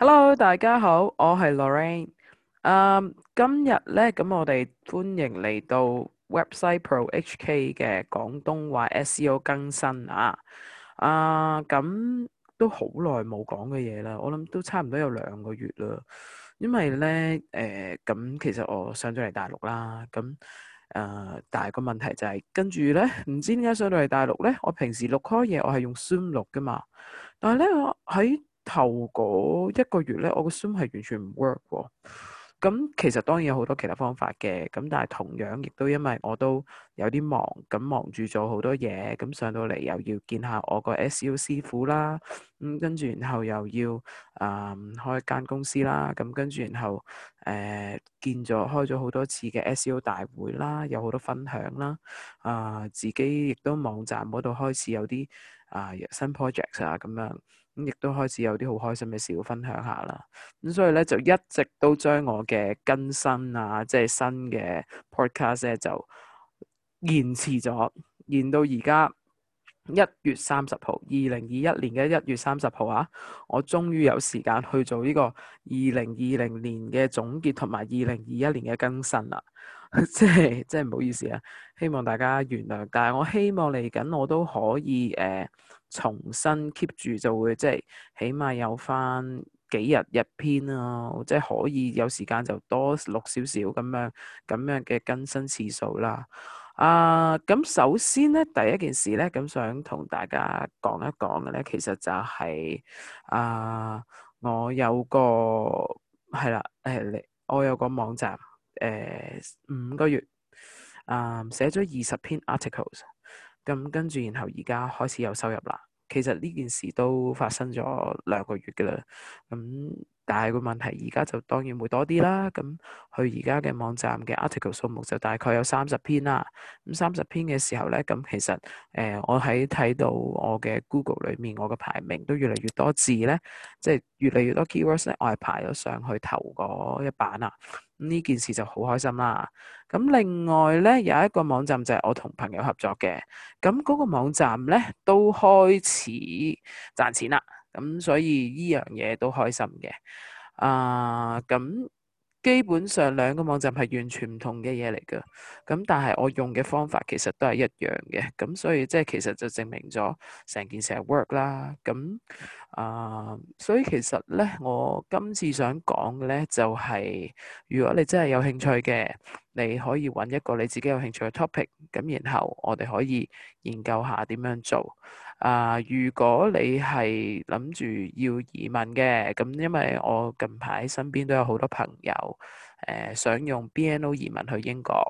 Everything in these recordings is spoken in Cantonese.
Hello，大家好，我係 Lorraine、uh，嗯，今日咧咁，我哋歡迎嚟到 Website Pro HK 嘅廣東話 SEO 更新啊。啊、uh, 嗯，咁都好耐冇講嘅嘢啦，我諗都差唔多有兩個月啦。因為咧，誒、呃，咁其實我上咗嚟大陸啦，咁誒、呃，但係個問題就係、是、跟住咧，唔知點解上到嚟大陸咧，我平時錄開嘢我係用 Zoom 錄噶嘛，但係咧我喺後嗰一個月咧，我個 Zoom 係完全唔 work 喎。咁其實當然有好多其他方法嘅，咁但係同樣亦都因為我都有啲忙，咁忙住咗好多嘢，咁上到嚟又要見下我個 SEO 師傅啦，咁跟住然後又要啊、嗯、開間公司啦，咁跟住然後誒、嗯、見咗開咗好多次嘅 SEO 大會啦，有好多分享啦，啊、呃、自己亦都網站嗰度開始有啲啊、呃、新 project 啊咁樣。亦都開始有啲好開心嘅事要分享下啦，咁所以咧就一直都將我嘅更新啊，即係新嘅 podcast 嘅就延遲咗，延到而家一月三十號，二零二一年嘅一月三十號啊，我終於有時間去做呢個二零二零年嘅總結同埋二零二一年嘅更新啦，即係即係唔好意思啊，希望大家原諒，但係我希望嚟緊我都可以誒。呃重新 keep 住就會即係起碼有返幾日一篇咯，即係可以有時間就多錄少少咁樣咁樣嘅更新次數啦。啊、呃，咁首先咧第一件事咧咁想同大家講一講嘅咧，其實就係、是、啊、呃，我有個係啦，誒，我有個網站誒，五、呃、個月啊、呃、寫咗二十篇 articles。咁跟住，然後而家開始有收入啦。其實呢件事都發生咗兩個月嘅啦。咁、嗯。但係個問題，而家就當然會多啲啦。咁佢而家嘅網站嘅 article 數目就大概有三十篇啦。咁三十篇嘅時候咧，咁其實誒我喺睇到我嘅 Google 裏面，我嘅排名都越嚟越多字咧，即係越嚟越多 keywords 咧，我係排咗上去頭嗰一版啦。呢件事就好開心啦。咁另外咧，有一個網站就係我同朋友合作嘅，咁嗰個網站咧都開始賺錢啦。咁所以依樣嘢都開心嘅，啊，uh，咁基本上兩個網站係完全唔同嘅嘢嚟噶，咁但係我用嘅方法其實都係一樣嘅，咁所以即係其實就證明咗成件事係 work 啦，咁啊，uh，所以其實咧我今次想講嘅咧就係如果你真係有興趣嘅，你可以揾一個你自己有興趣嘅 topic，咁然後我哋可以研究下點樣做。啊，如果你係諗住要移民嘅，咁因為我近排身邊都有好多朋友，誒、呃、想用 BNO 移民去英國，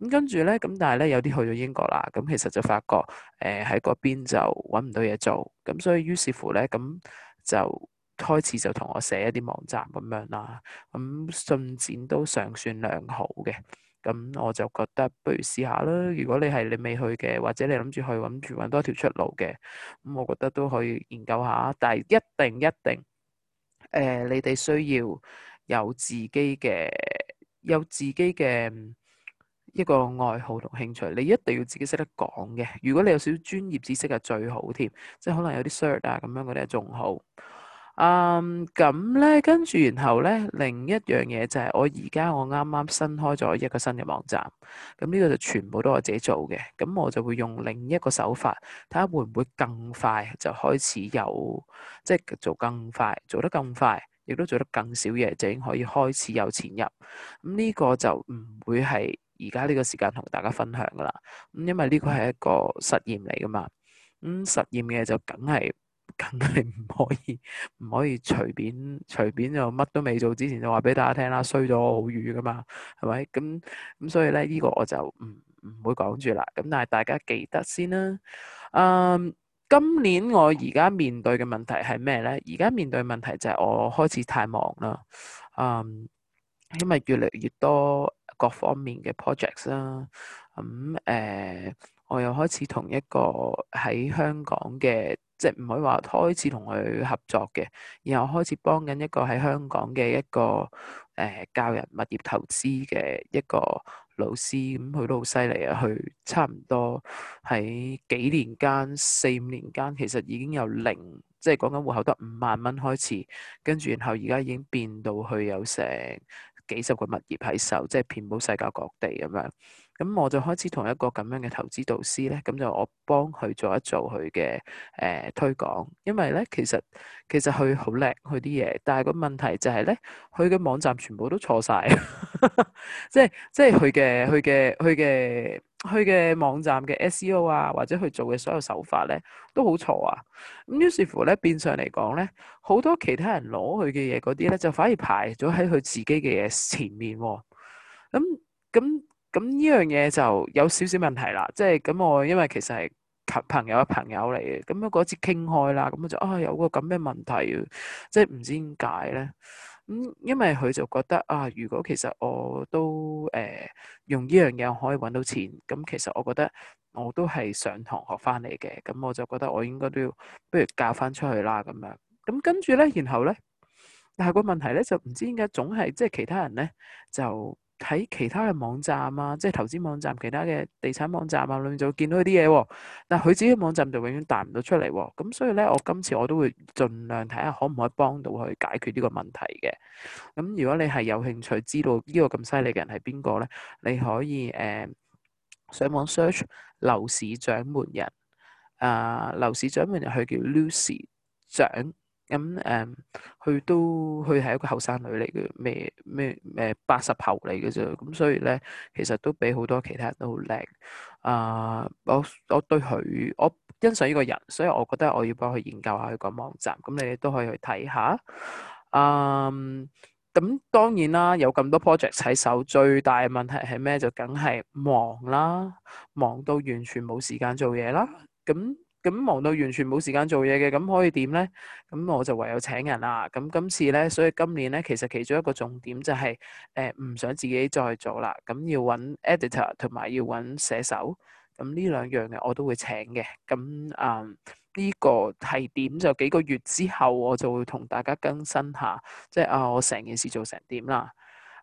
咁跟住咧，咁但係咧有啲去咗英國啦，咁其實就發覺誒喺嗰邊就揾唔到嘢做，咁所以於是乎咧，咁就開始就同我寫一啲網站咁樣啦，咁進展都尚算良好嘅。咁我就覺得不如試下啦。如果你係你未去嘅，或者你諗住去揾住揾多一條出路嘅，咁我覺得都可以研究下。但係一定一定誒、呃，你哋需要有自己嘅有自己嘅一個愛好同興趣，你一定要自己識得講嘅。如果你有少少專業知識係最好添，即係可能有啲 cert 啊咁樣嗰啲仲好。嗯，咁咧，跟住然後咧，另一樣嘢就係我而家我啱啱新開咗一個新嘅網站，咁呢個就全部都我自己做嘅，咁我就會用另一個手法，睇下會唔會更快就開始有，即係做更快，做得更快，亦都做得更少嘢，就已經可以開始有錢入。咁呢個就唔會係而家呢個時間同大家分享㗎喇，咁因為呢個係一個實驗嚟㗎嘛，咁，嗯，實驗嘅就梗係。梗係唔可以，唔可以隨便隨便就乜都未做之前就話俾大家聽啦，衰咗我好瘀噶嘛，係咪？咁咁所以咧，呢、呢個我就唔唔會講住啦。咁但係大家記得先啦。嗯，今年我而家面對嘅問題係咩咧？而家面對問題就係我開始太忙啦。嗯，因為越嚟越多各方面嘅 project 啦。咁、嗯、誒、呃，我又開始同一個喺香港嘅。即係唔可以話開始同佢合作嘅，然後開始幫緊一個喺香港嘅一個誒、呃、教人物業投資嘅一個老師，咁、嗯、佢都好犀利啊！佢差唔多喺幾年間、四五年間，其實已經由零，即係講緊戶口得五萬蚊開始，跟住然後而家已經變到去有成幾十個物業喺手，即係遍布世界各地咁樣。咁我就開始同一個咁樣嘅投資導師咧，咁就我幫佢做一做佢嘅誒推廣，因為咧其實其實佢好叻，佢啲嘢，但係個問題就係咧，佢嘅網站全部都錯晒， 即係即係佢嘅佢嘅佢嘅佢嘅網站嘅 SEO 啊，或者佢做嘅所有手法咧都好錯啊，咁於是乎咧變相嚟講咧，好多其他人攞佢嘅嘢嗰啲咧，就反而排咗喺佢自己嘅嘢前面喎、哦，咁咁。咁呢樣嘢就有少少問題啦，即係咁我因為其實係朋朋友嘅朋友嚟嘅，咁嗰次傾開啦，咁我就啊有個咁嘅問題，即係唔知點解咧，咁因為佢就覺得啊，如果其實我都誒、呃、用呢樣嘢可以揾到錢，咁其實我覺得我都係上堂學翻嚟嘅，咁我就覺得我應該都要不如教翻出去啦咁樣。咁跟住咧，然後咧，但係個問題咧就唔知點解總係即係其他人咧就。睇其他嘅網站啊，即係投資網站、其他嘅地產網站啊，裏面就會見到啲嘢喎。但係佢自己網站就永遠彈唔到出嚟喎、啊。咁所以咧，我今次我都會盡量睇下可唔可以幫到佢解決呢個問題嘅。咁如果你係有興趣知道這個這呢個咁犀利嘅人係邊個咧，你可以誒、呃、上網 search 樓市掌門人。啊、呃，樓市掌門人佢叫 Lucy 掌。咁誒，佢、嗯、都佢係一個後生女嚟嘅，咩咩誒八十後嚟嘅啫。咁所以咧，其實都比好多其他人都好叻。啊、呃，我我對佢，我欣賞呢個人，所以我覺得我要幫佢研究下佢個網站。咁你哋都可以去睇下。嗯、呃，咁當然啦，有咁多 project 喺手，最大嘅問題係咩？就梗係忙啦，忙到完全冇時間做嘢啦。咁。咁忙到完全冇時間做嘢嘅，咁可以點呢？咁我就唯有請人啦。咁今次呢，所以今年呢，其實其中一個重點就係誒唔想自己再做啦。咁要揾 editor 同埋要揾寫手。咁呢兩樣嘅我都會請嘅。咁嗯，呢個係點就幾個月之後我就會同大家更新下，即係啊，我成件事做成點啦。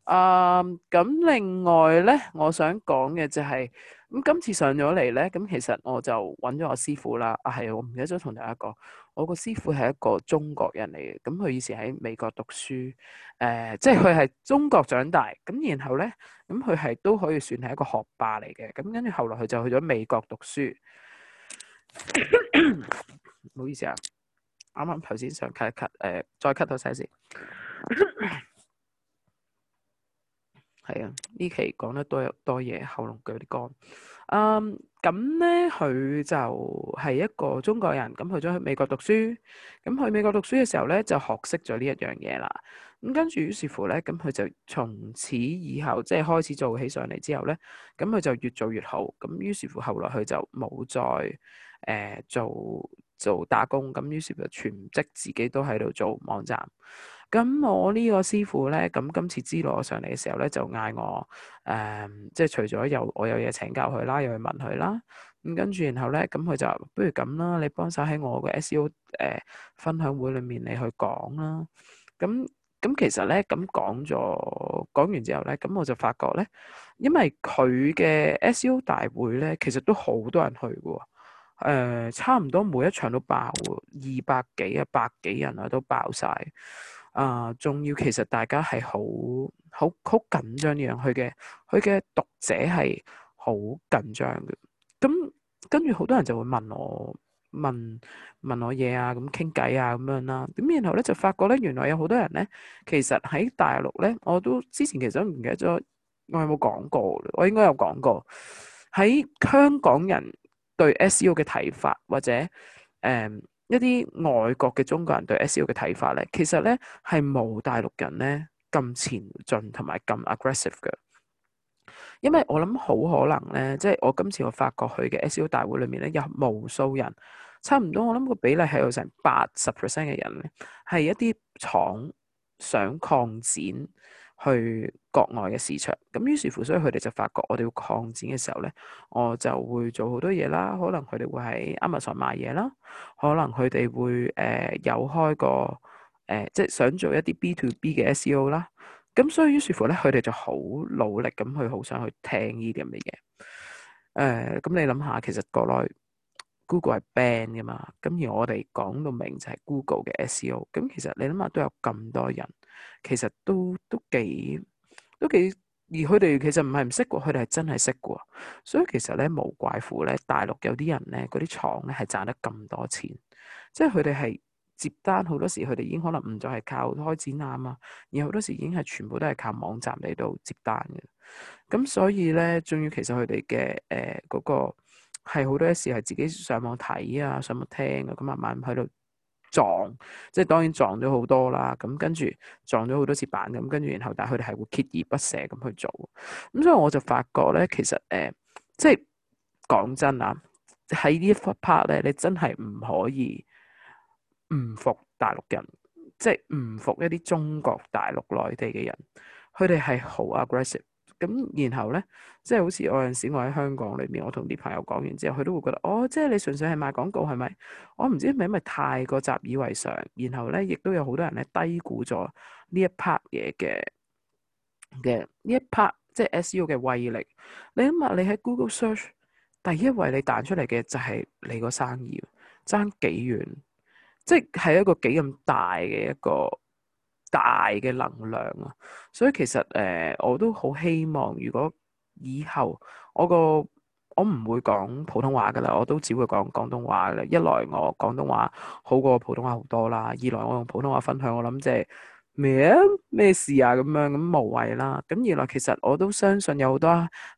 嗯，咁另外呢，我想講嘅就係、是。咁今次上咗嚟咧，咁其實我就揾咗我師父啦。係、啊，我唔記得咗同你講，我個師父係一個中國人嚟嘅。咁佢以前喺美國讀書，誒、呃，即係佢係中國長大。咁然後咧，咁佢係都可以算係一個學霸嚟嘅。咁跟住後來佢就去咗美國讀書。唔 好意思啊，啱啱頭先上 cut cut 誒，再 cut 多晒先。 係啊，呢期講得多多嘢，喉嚨有啲乾。嗯，咁呢佢就係一個中國人，咁佢去咗美國讀書，咁去美國讀書嘅時候呢，就學識咗呢一樣嘢啦。咁跟住於是乎呢，咁佢就從此以後即係開始做起上嚟之後呢，咁佢就越做越好。咁於是乎後來佢就冇再誒、呃、做。做打工咁，於是就全職自己都喺度做網站。咁我呢個師傅咧，咁今次知我上嚟嘅時候咧，就嗌我誒，即係除咗有我有嘢請教佢啦，又去問佢啦。咁跟住然後咧，咁佢就，不如咁啦，你幫手喺我嘅 SEO 誒、呃、分享會裏面你去講啦。咁咁其實咧，咁講咗講完之後咧，咁我就發覺咧，因為佢嘅 SEO 大會咧，其實都好多人去嘅喎。誒、呃、差唔多每一場都爆二百幾啊百幾人啊都爆晒。啊、呃！仲要其實大家係好好好緊張呢樣，佢嘅，佢嘅讀者係好緊張嘅。咁跟住好多人就會問我問問我嘢啊，咁傾偈啊咁樣啦、啊。咁然後咧就發覺咧，原來有好多人咧，其實喺大陸咧，我都之前其實都唔記得咗，我有冇講過？我應該有講過喺香港人 SEO 對 SEO 嘅睇法，或者誒、呃、一啲外國嘅中國人對 SEO 嘅睇法咧，其實咧係冇大陸人咧咁前進同埋咁 aggressive 嘅，因為我諗好可能咧，即係我今次我發覺佢嘅 SEO 大會裏面咧，有無數人差唔多，我諗個比例係有成八十 percent 嘅人咧，係一啲廠想擴展，去國外嘅市場，咁於是乎，所以佢哋就發覺我哋要擴展嘅時候咧，我就會做好多嘢啦。可能佢哋會喺 Amazon 買嘢啦，可能佢哋會誒、呃、有開個誒、呃，即係想做一啲 B to B 嘅 SEO 啦。咁所以於是乎咧，佢哋就好努力咁去，好想去聽呢啲咁嘅嘢。誒、呃，咁你諗下，其實國內 Google 係 ban 㗎嘛，咁而我哋講到明就係 Google 嘅 SEO。咁其實你諗下都有咁多人。其實都都幾都幾，而佢哋其實唔係唔識過，佢哋係真係識過，所以其實咧無怪乎咧，大陸有啲人咧，嗰啲廠咧係賺得咁多錢，即係佢哋係接單，好多時佢哋已經可能唔再係靠開展覽啊，而好多時已經係全部都係靠網站嚟到接單嘅，咁所以咧，仲要其實佢哋嘅誒嗰個係好多時係自己上網睇啊，上網聽啊，咁慢慢喺度。撞，即係當然撞咗好多啦。咁跟住撞咗好多次板，咁跟住然後，但係佢哋係會鍥而不捨咁去做。咁所以我就發覺咧，其實誒、呃，即係講真啊，喺呢一 part 咧，你真係唔可以唔服大陸人，即係唔服一啲中國大陸內地嘅人，佢哋係好 aggressive。咁然後咧，即係好似我有陣時我喺香港裏面，我同啲朋友講完之後，佢都會覺得，哦，即係你純粹係賣廣告係咪？我唔知係咪因為太過習以為常，然後咧，亦都有好多人咧低估咗呢一 part 嘢嘅嘅呢一 part，即係 SEO 嘅威力。你諗下，你喺 Google Search 第一位你彈出嚟嘅就係你個生意，爭幾遠？即係係一個幾咁大嘅一個大嘅能量啊，所以其實誒、呃、我都好希望，如果以後我個我唔會講普通話噶啦，我都只會講廣東話噶啦。一來我廣東話好過普通話好多啦，二來我用普通話分享，我諗即係咩啊咩事啊咁樣咁無謂啦。咁二來其實我都相信有好多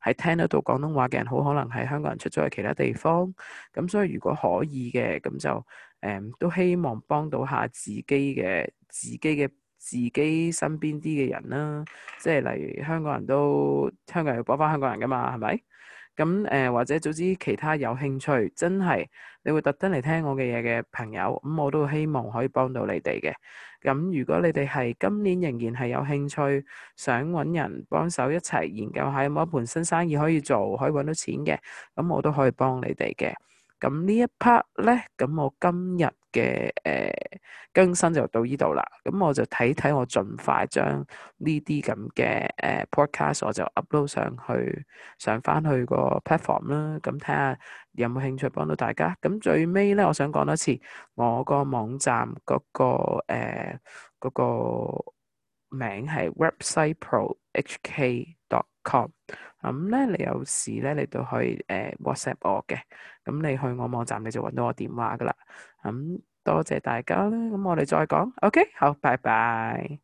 係聽得到廣東話嘅人，好可能係香港人出咗去其他地方。咁所以如果可以嘅，咁就誒、呃、都希望幫到下自己嘅自己嘅，自己身邊啲嘅人啦，即係例如香港人都香港人要幫返香港人㗎嘛，係咪？咁誒、呃、或者早知其他有興趣，真係你會特登嚟聽我嘅嘢嘅朋友，咁我都希望可以幫到你哋嘅。咁如果你哋係今年仍然係有興趣，想揾人幫手一齊研究下有冇一盤新生意可以做，可以揾到錢嘅，咁我都可以幫你哋嘅。咁呢一 part 咧，咁我今日嘅誒更新就到呢度啦。咁我就睇睇，我盡快將呢啲咁嘅誒 podcast 我就 upload 上去，上翻去個 platform 啦。咁睇下有冇興趣幫到大家。咁最尾咧，我想講多次，我個網站嗰個誒嗰個名係 websiteprohk.com。咁咧、嗯，你有事咧，你都可以誒 WhatsApp 我嘅。咁、嗯、你去我網站，你就搵到我電話㗎喇。咁、嗯、多謝大家啦。咁我哋再講，OK？好，拜拜。